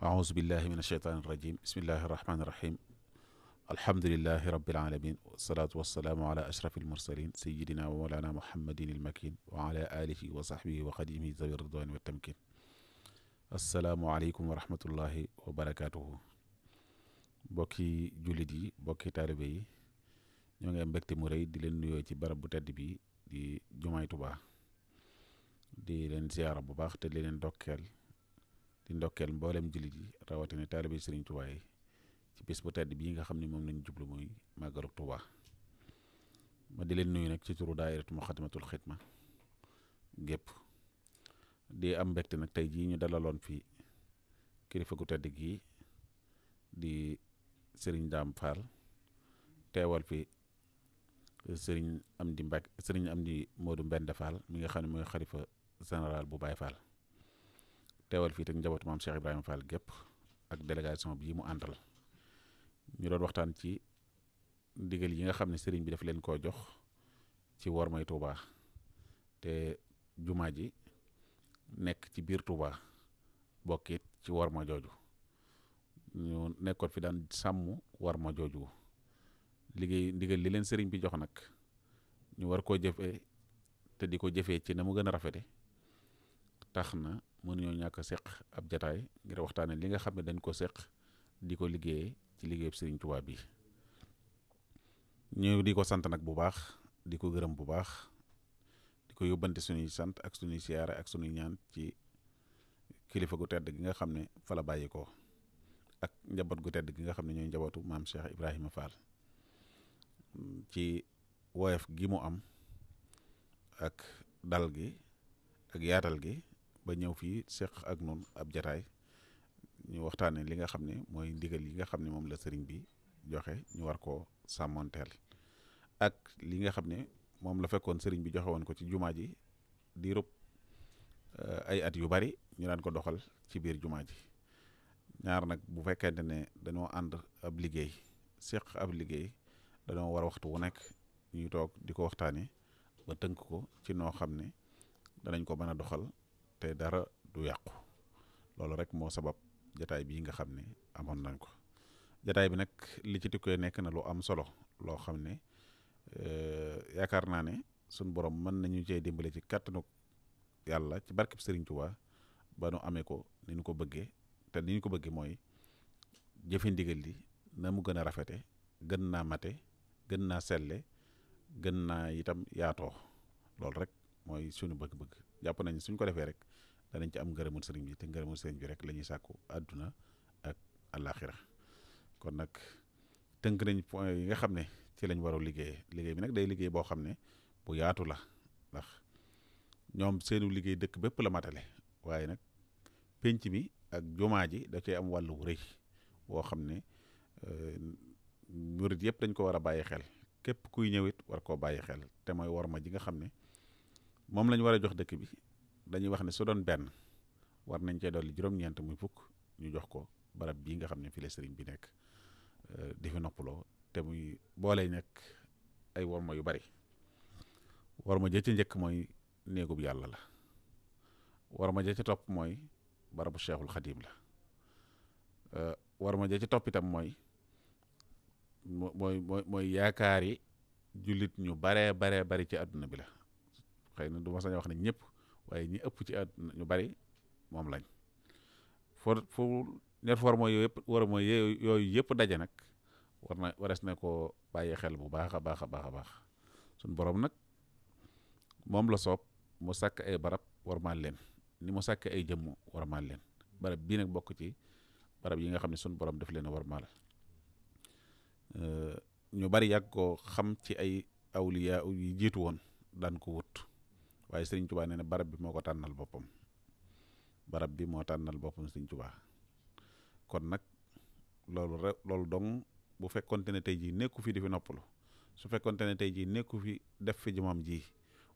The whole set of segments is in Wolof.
aousubillah min alsheytaan irrajim bismillahi irrahmani irrahim alhamdulilahi rabilalamin wasalatu wasalaamu ala ashraf almursalin sayidina wa molana mohammadin ilmakin waala alihi wa saxbihi wa xadimihi zawi ridwani wa tamkin asalaamualeykum wa rahmatullahi wa barakatuhu bokki jullit yi bokki taalibe yi ñoo ngi am mbégte mu rëy di leen nuyoo ci barab bu tedd bi di jumaay Tuubaa di leen ziyaara bu baax te di leen dokkeel di ndokkeel mboolem jullit yi rawatina taalibe Serigne Touba yi ci bis bu tedd bii nga xam ne moom lañ jublu mooy màggalu Touba ma di leen nuyu nag ci turu daayiratu Muxaddamatul Xidma gépp di am mbégte nag tey jii ñu dalaloon fii kilifa gu tedd gii di Serigne Dame Fall teewal fi Serigne Amdi Mbacke Serigne Amdi Modou Mbende Fall mi nga xam ne mooy xarifa général bu Baye Fall. teewal fii teg njabootu maam Cheikh Ibrahima Fall gépp ak délégation bii mu àndal ñu doon waxtaan ci ndigal yi nga xam ne sëriñ bi daf leen koo jox ci wormay Touba te jumaa ji nekk ci biir Touba bokkit it ci worma jooju ñu nekkoon fi daan sàmm worma jooju liggéey ndigal li leen sëriñ bi jox nag ñu war koo jëfe te di ko jëfe ci na mu gën a rafete tax na mënuñoo ñàkk a seq ab jataay ngir waxtaane li nga xam ne dañ ko seq di ko liggéeyee ci liggéeyub Sëriñ Tuubaa bi ñu di ko sant nag bu baax di ko gërëm bu baax di ko yóbbante suñuy sant ak suñuy siyaare ak suñuy ñaan ci kilifa gu tedd gi nga xam ne fala bàyyi ko ak njaboot gu tedd gi nga xam ne ñooy njabootu maam Cheikh Ibrahima Fall ci woyof gi mu am ak dal gi ak yaatal gi ba ñëw fii seq ak noonu ab jataay ñu waxtaanee li nga xam ne mooy ndigal yi nga xam ne moom la sëriñ bi joxe ñu war koo sàmmonteel ak li nga xam ne moom la fekkoon sëriñ bi joxe woon ko ci jumaa ji di rub euh, ay at yu bari ñu daan ko doxal ci biir jumaa ji ñaar nag bu fekkente ne dañoo ànd ab liggéey seq ab liggéey dañoo war a waxtu wu nekk ñu toog di ko waxtaanee ba tënk ko ci noo xam ne danañ ko mën a doxal te dara du yàqu loolu rek moo sabab jataay bii nga xam ne amoon nañ ko jataay bi nag li ci tukkee nekk na lu am solo loo xam ne eh, yaakaar naa ne suñ borom mën nañu cee dimbale ci kàttanu yàlla ci barkeb Serigne Touba ba nu amee ko ni ko bëggee te ni ko bëggee mooy jëfe ndigal li na mu gën a rafete gën naa mate gën naa selle gën naa itam yaatoo loolu rek mooy suñu bëgg-bëgg jàpp nañ suñ ko defee rek danañ ci am ngërëmul sëriñ bi te ngërëmul sëriñ bi rek la ñuy sàkku àdduna ak àllaaxira kon nag tënk nañ point yi nga xam ne ci lañ war a liggéey bi nag day liggéey boo xam ne bu yaatu la ndax ñoom seenu liggéey dëkk bépp la matale waaye nag penc mi ak jumaa ji da cay am wàllu rëy woo xam ne euh, murit yëpp dañ ko war a bàyyi xel képp kuy ñëwit war koo bàyyi xel te mooy war ma ji nga xam ne moom lañ war a jox dëkk bi dañuy wax ne su doon benn war nañ cee dolli juróom-ñeent muy fukk ñu jox ko barab bii nga xam ne fii la bi nekk euh, di fi noppaloo te muy boole nekk ay worma yu bari worma ja ca njëkk mooy néegub yàlla la worma ja topp mooy barabu cheikhul xadim la euh, worma ja ca topp itam mooy mooy mooy mooy yaakaar yi jullit ñu baree baree bari ci àdduna bi la xëy na du ma sañ wax nañ ñëpp waaye ñi ëpp ci àdduna ñu bari moom lañ fo fu ñet yooyu yëpp war mooy yooyu yëpp daje nag war na wares na koo bàyyi xel bu baax a baax a baax a baax suñ borom nag moom la soob mu sàkk ay barab war maa leen ni mu sàkk ay jëmm war maa leen barab bii nag bokk ci barab yi nga xam ne suñ borom daf leen a war maal ñu bari yàgg ko xam ci ay awliya yu jiitu woon daan ko wut waaye sëriñ tubaa nee na barab bi moo ko tànnal boppam barab bi moo tànnal boppam sëriñ tubaa kon nag loolu rek loolu dong bu fekkonte ne tey jii nekku fi di fi noppalu su fekkonte ne tey jii nekku fi def fi jëmam ji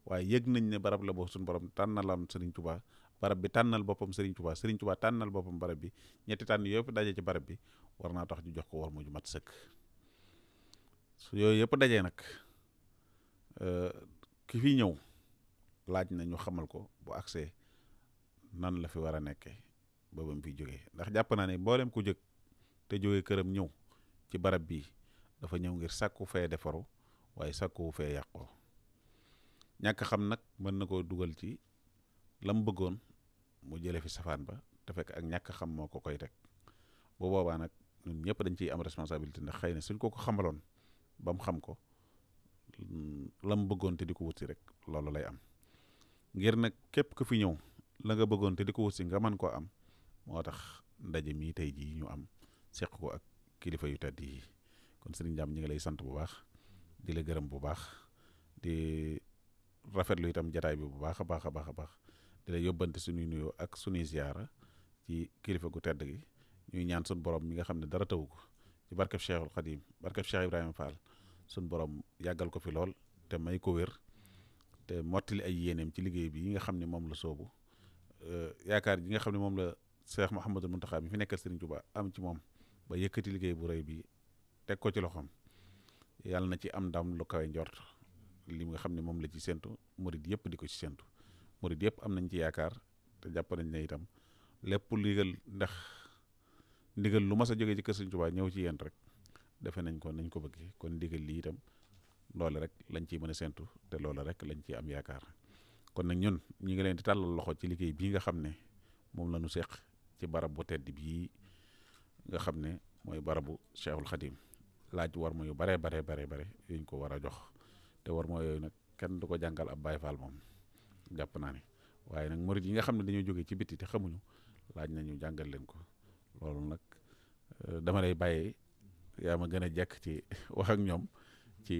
waaye yëg nañ ne barab la boo suñu borom tànnalam sëriñ tubaa barab bi tànnal boppam sëriñ tubaa sëriñ tubaa tànnal boppam barab bi ñetti tànn yooyu yëpp daje ci barab bi war naa tax ñu jox ko war mu ju mat sëkk su yooyu yëpp dajee nag euh, ki fi ñëw laaj na ñu xamal ko bu accès nan la fi war a nekkee ba ba mu fi jógee ndax jàpp naa ne mboolem ku jóg te jógee këram ñëw ci barab bi dafa ñëw ngir sàkku fee defaru waaye sàkku fee yàqoo ñàkk xam nag mën na koo dugal ci lam bëggoon mu jëlee fi safaan ba te fekk ak ñàkk xam moo ko koy teg bu boobaa nag ñun ñëpp dañ ciy am responsabilité ndax xëy na suñ ko xamaloon ba mu xam ko mm, lam bëggoon te di ko wut rek loolu lay am ngir nag képp ku fi ñëw la nga bëggoon te di ko wut si nga man koo am moo tax ndaje mii tey ji ñu am seq ko ak kilifa yu tedd yi kon sëriñ Jaam ñu ngi lay sant bu baax di la gërëm bu baax di rafetlu itam jataay bi bu baax a baax a baax a baax di la yóbbante suñuy nuyoo ak suñuy ziyaara ci kilifa gu tedd gi ñuy ñaan sun borom mi nga xam ne dara taw ko ci barkeb Cheikhul Xadim barkeb Cheikh Ibrahima Fall suñu borom yàggal ko fi lool te may ko wér te mottali ay yéeneem ci liggéey bi yi nga xam ne moom la soobu euh, yaakaar ji nga xam ne moom la Cheikh Mouhamadul Mountakha mi fi nekkal Serigne Touba am ci moom ba yëkkati liggéey bu rëy bi teg ko ci loxoom yàlla na ci am ndam lu kawe njort li xam ne moom la ci séntu murid yëpp di ko ci séntu murid yëpp am nañ ci yaakaar te jàpp nañ ne itam lépp ligal ndax ndigal lu mas a jógee ci kër Serigne Touba ñëw ci yéen rek defe nañ ko nañ ko bëggee kon ndigal lii itam. loolu rek lañ ciy mën a séntu te loolu rek lañ ciy am yaakaar kon nag ñun ñu ngi leen di tàllal loxo ci liggéey bii nga xam ne moom la ñu seq ci barab bu tedd bii nga xam ne mooy barabu Cheikhul Khadim laaj war ma yu baree baree baree bare yuñ ko war a jox te war ma yooyu nag kenn du ko jàngal ab bay Faal moom jàpp naa ne waaye nag murid yi nga xam ne dañoo jógee ci biti te xamuñu laaj nañu jàngal leen ko loolu nag eh, dama lay bàyyee yaa gën a jekk ci wax ak ñoom ci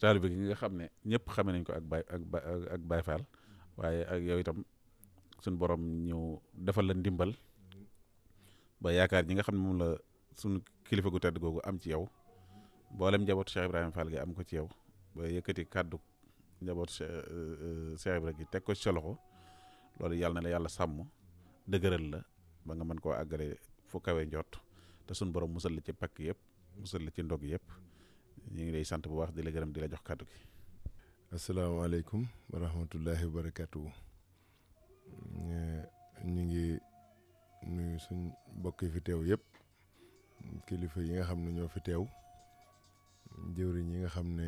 taalibe gi nga xam ne ñëpp xame nañ ko ak bay ak ak Baay Faal waaye ak yow itam sun borom ñëw defal la ndimbal ba yaakaar ñi nga xam ne moom la sun kilifa gu tedd googu am ci yow mboolem njabootu Cheikh Ibrahima gi am ko ci yow ba yëkkati kàddu njabootu euh, Cheikh gi teg ko ci sa loxo loolu yàlla na la yàlla sàmm dëgëral la ba nga mën koo àggale foo kawe njott te suñ borom musal la ci pakk yëpp musal la ci ndog yëpp ñu ngi lay sant bu baax di la gërëm di la jox kàddu gi. asalaamaaleykum wa rahmatullahi wa barakaatu. ñu ngi nuyu suñ mbokk yi fi teew yëpp kilifa yi nga xam ne ñoo fi teew jëwriñ yi nga xam ne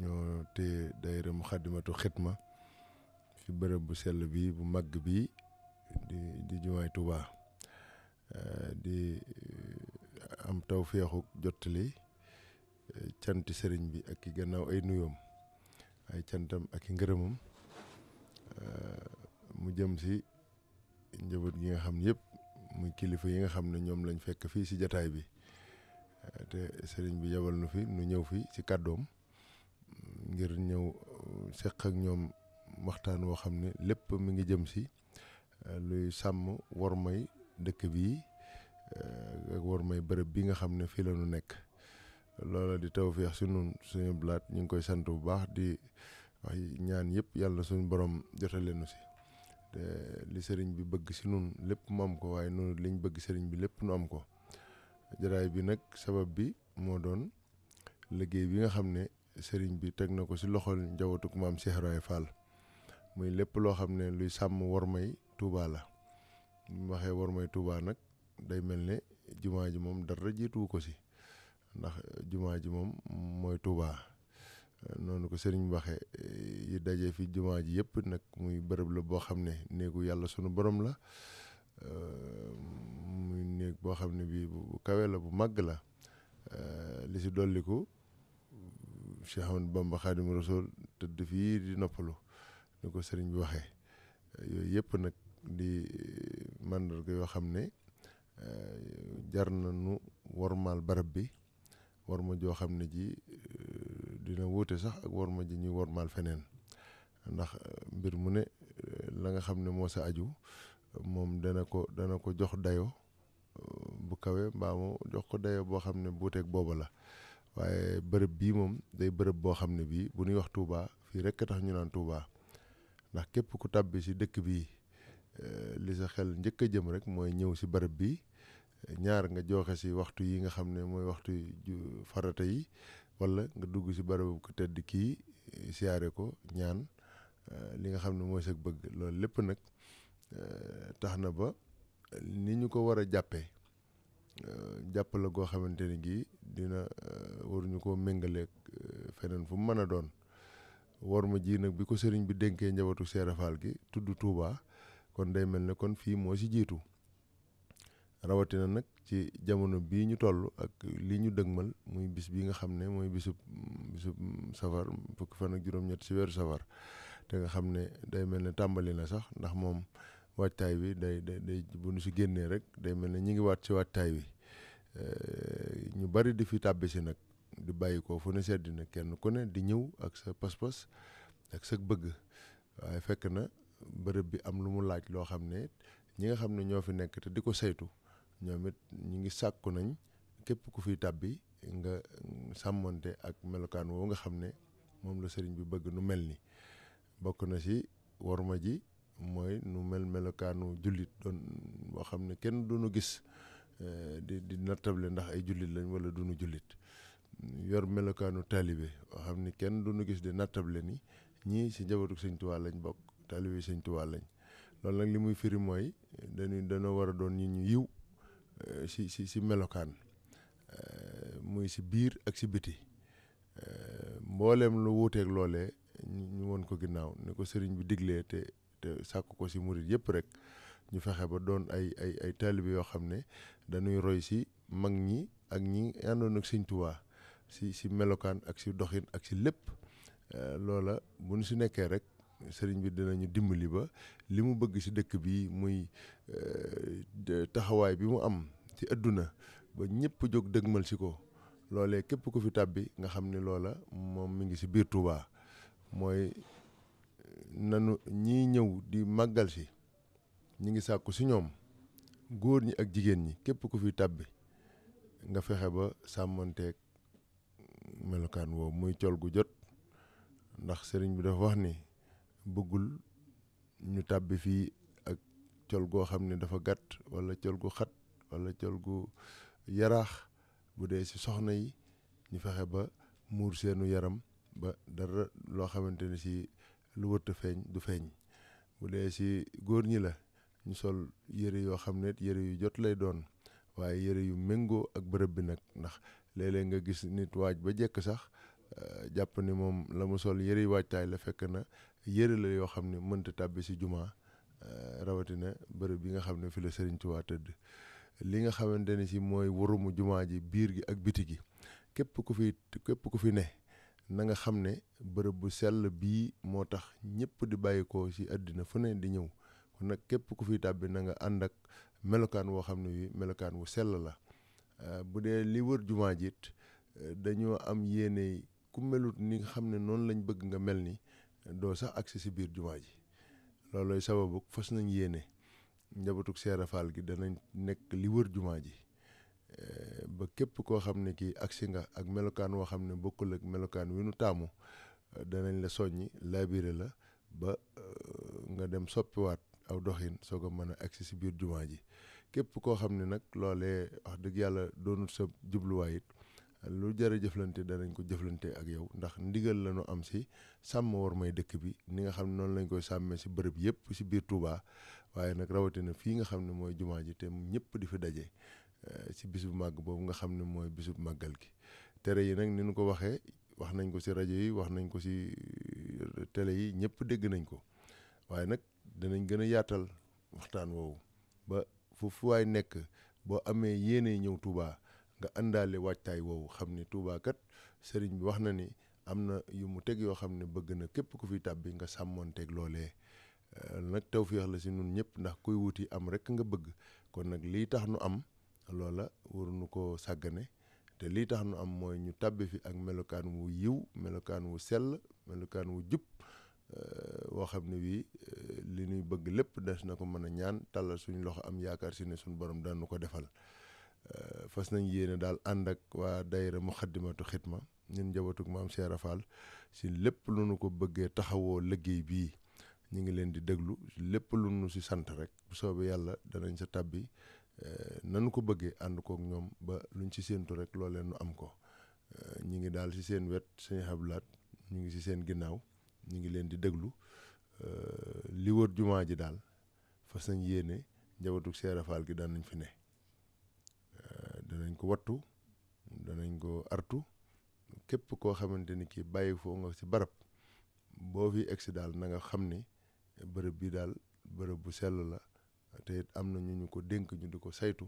ñoo téye daayira Muxaddamatul Xidma fi bërëb bu sell bi bu màgg bi di di jumaay tubaa di am taw feexu jottali canti sëriñ bi ak i gannaaw ay nuyoom ay cantam ak i ngërëmam euh, mu jëm si njaboot gi nga xam ne yëpp muy kilifa yi nga xam ne ñoom lañ fekk fii si jataay bi euh, te sëriñ bi yabal nu fi nu ñëw fi si kàddoom ngir ñëw euh, seq ak ñoom waxtaan woo xam ne lépp mu ngi jëm si luy sàmm war may dëkk bii ak war may bërëb bi nga xam ne fii la nu nekk loola di tawféex sunu suñu blaat ñu ngi koy sant bu baax di wax ñaan yëpp yàlla suñu boroom jotal leen si te li sëriñ bi bëgg si nun lépp mu am ko waaye noonu liñ bëgg sëriñ bi lépp nu am ko jaraay bi nag sabab bi moo doon liggéey bi nga xam ne sëriñ bi teg na ko si loxol njabootuk maam Cheikh Ibrahima Fall muy lépp loo xam ne luy sàmm wormay Touba la mu waxee may tuubaa nag day mel ne jumaa ji moom dara jiituwu ko si ndax jumaa ji moom mooy Touba noonu ko sëriñ bi waxe yi dajee fi jumaa ji yépp nag muy bërëb la boo xam ne néegu yàlla sunu borom la ehm, muy néeg boo xam ne bii bu kawe la bu màgg la ehm, li si dolliku Cheikh Ahmadou Bamba Xaadimu Rasuul tëdd fii di noppalu ni ko sëriñ bi waxe yooyu yëpp nag di eh, màndarga yoo xam ne eh, jar na nu wormaal barab bi war ma joo xam ne ji euh, dina wuute sax ak war ma ji ñuy wormaal feneen ndax euh, mbir mu ne euh, la nga xam ne moo sa aju moom dana ko dana ko jox dayo bu kawe mbaa jox ko dayo boo xam ne buuteeg booba la waaye bërëb bii moom day bërëb boo xam ne bii bu ñuy wax tuubaa fii rek tax ñu naan Touba ndax képp ku tàbbi si dëkk bii li sa xel njëkk a jëm rek mooy ñëw si bërëb bii ñaar nga joxe si waxtu yi nga xam ne mooy waxtu farata yi walla nga dugg si barabu ko tedd kii eh, siyaare ko ñaan eh, li nga xam ne mooy sa bëgg loolu lépp nag eh, tax na ba ni ñu ko war a jàppee jàpp la goo xamante ni gii dina waruñu koo méngaleeg feneen fu mu mën a doon war ma jii nag bi ko sëriñ bi dénkee njabootu seerafaal gi tudd Touba kon day mel ne kon fii moo si jiitu rawatina nag ci jamono bii ñu toll ak lii ñu dëgmal muy bis bi nga xam ne mooy bisub bisub safar fukki fan ak juróom-ñett si weeru safar te nga xam ne day mel ne tàmbali na sax ndax moom waajtaay bi day day day bu ñu si génnee rek day mel ne ñu ngi waat si waajtaay bi eh, ñu bari di fi nag di bàyyi ko fu ne sedd kenn ku ne di ñëw ak sa pas bëgg waaye fekk na bërëb bi am lu mu laaj loo xam ne ñi nga xam ne ñoo fi nekk te di ko saytu ñoom it ñi ngi sàkku nañ képp ku fiy tàbbi nga sàmmonte ak melokaan woo nga xam ne moom la sëriñ bi bëgg nu mel ni bokk na ci worma ji mooy nu mel melokaanu jullit doon boo xam ne kenn duñu gis eh, di di nattable ndax ay jullit lañ wala duñu jullit yor melokaanu taalibe boo xam ne kenn duñu gis di nattable ni ñii si njabootu sëñ Tuubaa lañ bokk taalibe sëñ Tuubaa lañ loolu nag li muy firi mooy dañuy dañoo war a doon nit ñu yiw Euh, si si si melokaan euh, muy si biir ak si biti euh, mbooleem lu wuuteeg loole ñu woon ko ginnaaw ni ko sëriñ bi diglee te te sàkk ko si murit yëpp rek ñu fexe ba doon ay ay ay taalibe yoo xam ne dañuy roy si mag ñi ak ñi àndoon ak Sëñ si si melokaan ak si doxin ak si lépp loola bu nu si nekkee rek sëriñ bi dinañu dimbali ba li mu bëgg si dëkk bi muy euh, taxawaay bi mu am ci àdduna ba ñëpp jóg dëgmal si ko loolee képp ku fi tàbbi nga xam ne loola moom mi ngi si biir Touba mooy nanu ñiy ñëw di màggal si ñi ngi sàkku si ñoom góor ñi ak jigéen ñi képp ku fi tàbbi nga fexe ba sàmmanteeg melokaan woow muy col gu jot ndax sëriñ bi dafa wax ni bëggul ñu tàbbi fii ak col goo xam ne dafa gàtt walla col gu xat walla col gu yaraax bu dee si soxna yi ñu fexe ba muur seenu yaram ba dara loo xamante ni si lu wërta feeñ du feeñ bu dee si góor ñi la ñu sol yére yoo xam ne yére yu jot lay doon waaye yëre yu méngoo ak bërëb bi nag ndax léeg nga gis nit waaj ba jekk sax euh, jàpp ni moom la mu sol yére yu waajtaay la fekk na yére la yoo xam ni mënta tàbbi si jumaa euh, rawatina bërëb bi nga xam ne fi la Sëriñ Tuubaa tëdd li nga xamante ne si mooy warumu jumaa ji biir gi ak biti gi képp ku fi képp ku fi ne na nga xam ne bërëb bu sell bii moo tax ñëpp di bàyyi ko si àddina fu ne di ñëw kon nag képp ku fi tàbbi na nga ànd ak melokaan woo xam ne melokaan wu sell la euh, bu dee li wër jumaa jiit euh, dañoo am yéene ku melut ni nga xam ne noonu lañ bëgg nga mel ni doo sax agsi si biir jumaa ji loolooy sababu fas nañ yéene njabootug Seera Faal gi danañ nekk li wër jumaa ji eh, ba képp koo xam ne kii agsi nga ak melokaan woo xam ne bokkul ak melokaan wi nu taamu eh, danañ la soññi laabire la ba eh, nga dem soppiwaat aw doxin soo ko mën a agsi si biir jumaa ji képp koo xam ni nag loolee wax dëgg yàlla doonul sa jubluwaay it lu jar jëflante danañ ko jëflante ak yow ndax ndigal la ñu am si sàmm war may dëkk bi ni nga xam ne noonu lañ koy sàmmee si bërëb yëpp si biir Touba waaye nag rawatina fii nga xam ne mooy jumaa ji te ñëpp di fi daje eh, si bis bu màgg boobu nga xam ne mooy bisu màggal gi tere yi nag ni ñu ko waxee wax nañ ko si rajo yi wax nañ ko si eh, télé yi ñëpp dégg nañ ko waaye nag danañ gën a yaatal waxtaan woowu ba foofu waay nekk boo amee yéene ñëw Touba nga àndaale waajtaay woowu xam ni Tuubaa kat sëriñ bi wax na ni am na yu mu teg yoo xam ne bëgg na képp ku fi tàbbi nga sàmmoonteeg loolee euh, nag tawféex la si nun ñëpp ndax kuy wuti am rek nga bëgg kon nag lii tax nu am loola waruñu koo sàggane te lii tax nu am mooy ñu tàbbi fi ak melokaan wu yiw melokaan wu sell melokaan wu jub euh, woo xam ne wii euh, li nuy bëgg lépp des na ko mën a ñaan tàllal suñu loxo am yaakaar si ne suñu borom daan nu ko defal fas nañ yéene daal ànd ak waa daayira Muxaddamatul Xidma ñun njabootug maam Cheikh Rafal si lépp lu nu ko bëggee taxawoo liggéey bii ñu ngi leen di déglu lépp lu nu si sant rek bu soobee yàlla danañ sa tàbbi eh, nanu ko bëggee ànd kook ñoom ba luñ si séentu rek loolee nu am ko eh, ñu ngi daal si seen wet seen xablaat ñu ngi si seen ginnaaw ñu ngi leen di déglu eh, li wër jumaa ji daal fas nañ yéene njabootug Cheikh Rafal gi daan nañ fi ne. danañ ko wattu danañ ko artu képp koo xamante ni kii bàyyi foo nga si barab boo fi egsi daal nanga xam ni bërëb bi daal bërëb bu sell la te it am na ñu ñu ko dénk ñu di ko saytu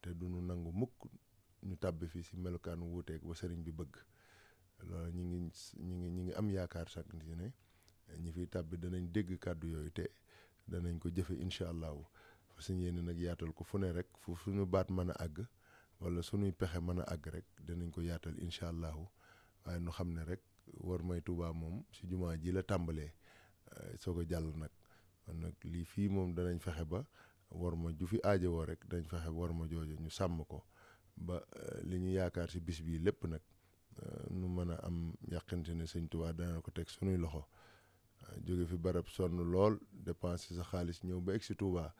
te du ñu nangu mukk ñu tàbbi fii si melokaan wuuteeg ba sëriñ bi bëgg loolu ñu ngi ñu ngi ñi ngi am yaakaar sax ni ne ñi fiy tàbbi danañ dégg kàddu yooyu te danañ ko jëfe incha allahu fas yéene nag yaatal ko fu ne rek fu suñu baat mën a àgg wala sunuy pexe mën a àgg rek danañ ko yaatal incha allahu waaye nu xam ne rek war may Tuubaa moom si jumaa ji la tàmbalee eh, soo ko jàll nag nag lii fii moom danañ fexe ba war ma ju fi aajowoo rek danañ fexe war ma joojo ñu sàmm ko ba eh, li ñu yaakaar si bis bii lépp nag eh, nu mën a am yàqante ne sëñ tubaa dana ko teg sunuy loxo jóge fi barab sonn lool dépenser sa xaalis ñëw ba egg si Tuubaa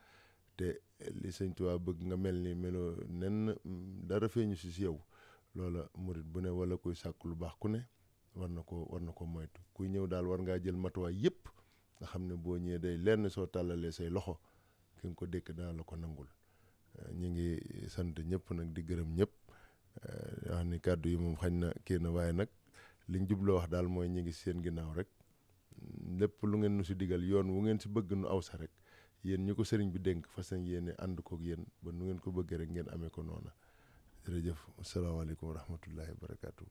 te li sëñ Tuubaa bëgg nga mel ni meloo nen dara feeñu si si yow loola murit bu ne wala kuy sàkk lu baax ku ne war na ko war na ko moytu kuy ñëw daal war ngaa jël matuwaay yëpp nga xam ne boo ñëwee day lenn soo tàllalee say loxo ki ko dékk dana la ko nangul eh, ñu ngi sant ñëpp nag di gërëm ñëpp eh, wax ni kàddu yi moom xañ na kii waaye nag liñ jubloo wax daal mooy ñu ngi seen ginnaaw rek lépp lu ngeen nu si digal yoon wu ngeen si bëgg nu aw sa rek yéen ñu ko sëriñ bi dénk fas yéene ànd kook yéen ba nu ngeen ko bëgg rek ngeen amee ko noona jërëjëf asalaamaaleykum wa rahmatullahi wa barakaatu.